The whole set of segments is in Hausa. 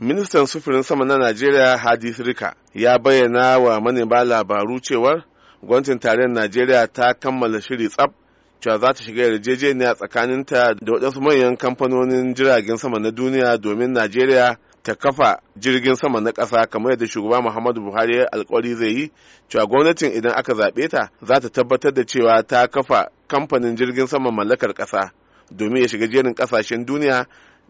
Ministan sufurin sama na Najeriya Hadi Rika ya bayyana wa manema labaru cewar gwamnatin tarayyar Najeriya ta kammala shiri tsab cewa za ta shiga yarjejeniya tsakaninta da waɗansu manyan kamfanonin jiragen sama na duniya domin Najeriya ta kafa jirgin sama na ƙasa kamar yadda shugaba Muhammadu Buhari alkawari zai yi cewa gwamnatin idan aka zaɓe ta za ta tabbatar da cewa ta kafa kamfanin jirgin sama mallakar ƙasa domin ya shiga jerin ƙasashen duniya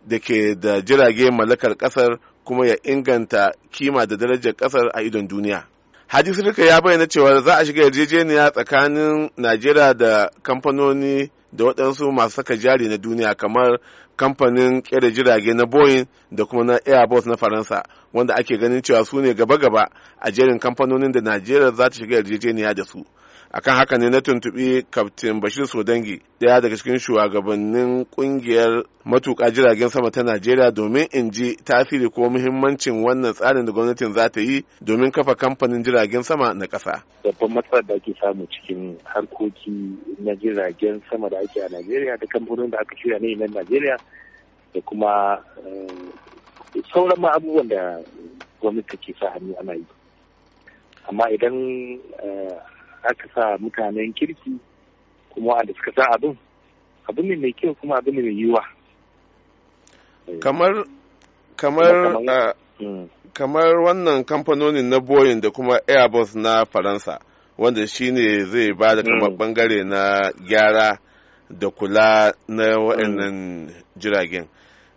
da ke da jirage mallakar kasar kuma ya inganta kima da darajar kasar a idon duniya hadisi duka ya bayyana cewa za a shiga yarjejeniya tsakanin najeriya da kamfanoni da waɗansu masu saka jari na duniya kamar kamfanin kera jirage na boeing da kuma na airbus na faransa wanda ake ganin cewa su ne gaba-gaba a jerin kamfanonin da najeriya za ta shiga yarjejeniya da su akan haka ne na tuntubi kaftin bashir sodangi daya daga cikin shugabannin ƙungiyar matuka jiragen sama ta najeriya domin in ji tasiri ko muhimmancin wannan tsarin da gwamnatin za ta yi domin kafa kamfanin jiragen sama na ƙasa babban matsalar da ake samu cikin harkoki na jiragen sama da ake a najeriya da kamfanin da aka shirya ne na najeriya da kuma eh, sauran abubuwan da gwamnati ke sa hannu ana yi amma idan eh, aka sa mutanen kirki kuma wanda suka sa abin abin ne mai kyau kuma abin ne mai yiwa eh. kamar kamar ah, mm. kamar wannan kamfanonin na boeing da kuma airbus na faransa wanda shine zai ba da kamar mm. bangare na gyara da kula na waɗannan mm. jiragen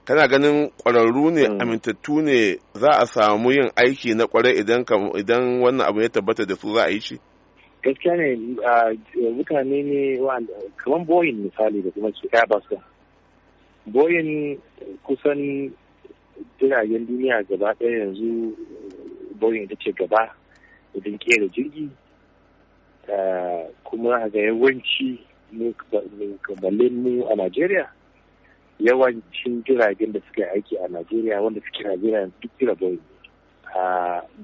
kana ganin ƙwararru ne amintattu ne za a samu yin aiki na ƙwarai idan wannan abu ya tabbata da su za a yi shi gaskiya ne mutane ne kamar boyin misali da kuma su airbus boyin kusan jiragen duniya gaba ɗaya yanzu boyin ita ce gaba idan kera jirgi kuma ga yawanci balle mu a najeriya yawancin jiragen da suka yi aiki a najeriya wanda suke najeriya duk jira boyin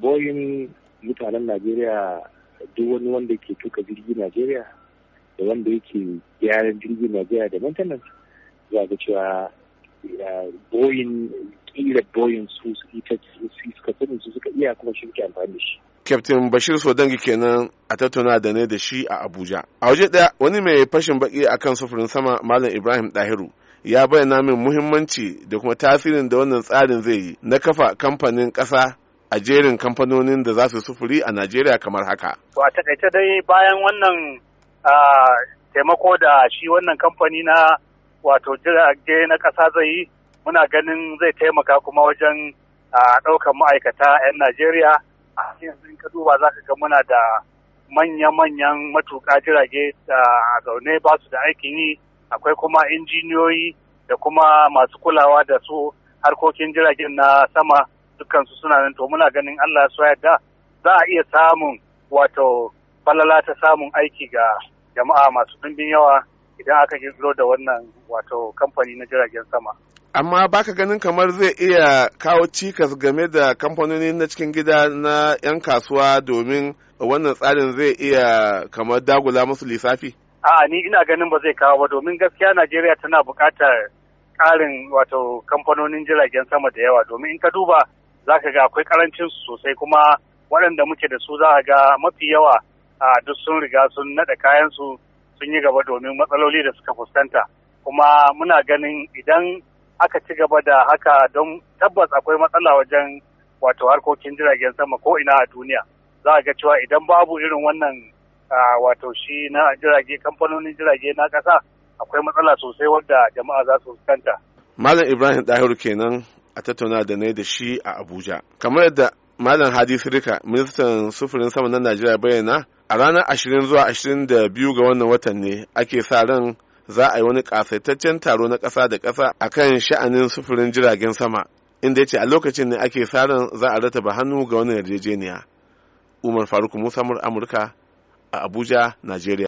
boyin mutanen najeriya duk wani wanda ke tuka jirgi Najeriya da wanda yake gyaran jirgin Najeriya da maintenance za ga cewa boyin kila boyin su ita suka sani su suka iya kuma shi amfani da shi. Kyaftin Bashir Sodangi kenan a tattauna da ne da shi a Abuja. A waje ɗaya wani mai fashin baki akan sufurin sama Malam Ibrahim Dahiru ya bayyana min muhimmanci da kuma tasirin da wannan tsarin zai yi na kafa kamfanin ƙasa a jerin kamfanonin da za su sufuri a Najeriya kamar haka. To a takaice dai bayan wannan taimako da shi wannan kamfani na wato jirage na ƙasa zai yi muna ganin zai taimaka kuma wajen ɗaukar ma'aikata 'yan Najeriya a cikin ka duba za ka ga muna da manya-manyan matuƙa jirage a zaune ba su da aikin yi akwai kuma injiniyoyi da kuma masu kulawa da su harkokin jiragen na sama dukansu suna nan to muna ganin Allah ya da za a iya samun wato falala ta samun aiki ga jama'a masu ɗimbin yawa idan aka kirkiro da wannan wato kamfani na jiragen sama. Amma baka ganin kamar zai iya kawo cikas game da kamfanoni na cikin gida na 'yan kasuwa domin wannan tsarin zai iya kamar dagula musu lissafi? A'a ni ina ganin ba zai kawo ba domin gaskiya Najeriya tana buƙatar ƙarin wato kamfanonin jiragen sama da yawa domin in ka duba za ka ga akwai karancin su sosai kuma waɗanda muke da su za a ga mafi yawa a duk sun riga sun naɗa kayansu sun yi gaba domin matsaloli da suka fuskanta kuma muna ganin idan aka ci gaba da haka don tabbas akwai matsala wajen wato harkokin jiragen sama ko ina a duniya za a ga cewa idan babu irin wannan wato shi na jirage kamfanonin jirage na ƙasa akwai matsala sosai wadda jama'a za su fuskanta. Malam Ibrahim dahiru kenan a tattauna da na da shi a Abuja. Kamar yadda Malam Hadi Sirika, ministan sufurin sama na Najeriya bayyana, a ranar ashirin zuwa ashirin da biyu ga wannan watan ne ake sa ran za a yi wani kasaitaccen taro na ƙasa da ƙasa a kan sha'anin sufurin jiragen sama, inda ya ce a lokacin ne ake sa ran za a rataba hannu ga wannan yarjejeniya. Umar Faruk Musa Amurka a Abuja, Najeriya.